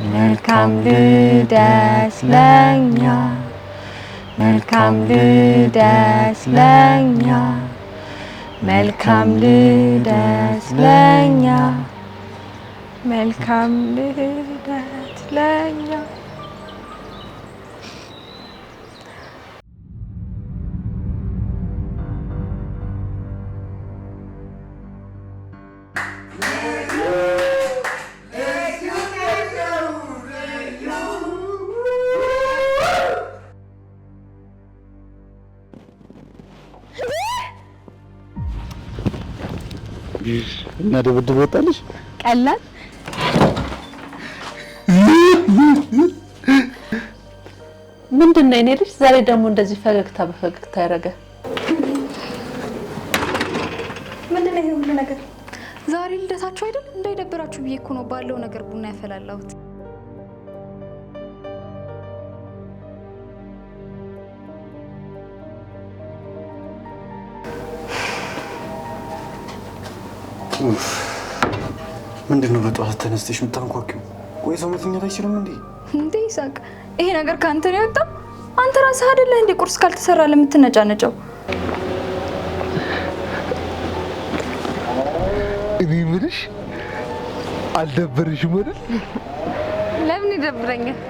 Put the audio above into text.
kan du Melkam slänga? länja kan du länja slänga? Lydes kan du Lydes slänga? እና ድብድብ ወጣልሽ። ቀላል ምንድን ነው? የእኔ ልጅ ዛሬ ደግሞ እንደዚህ ፈገግታ በፈገግታ ያደረገ ምንድን ነው ይሄ ሁሉ ነገር? ዛሬ ልደታችሁ አይደል? እንዳይደብራችሁ ብዬ እኮ ነው ባለው ነገር ቡና ያፈላላሁት። ምንድን ነው በጠዋት ተነስተሽ የምታንኳኪው? ወይ ሰው መተኛት አይችልም እንዴ? እንዴ ይሳቅ፣ ይሄ ነገር ከአንተ ነው የወጣው? አንተ ራስህ አይደለህ እንዴ ቁርስ ካልተሰራ ለምትነጫነጨው? እኔ የምልሽ አልደበረሽም አይደል? ለምን ይደብረኛል?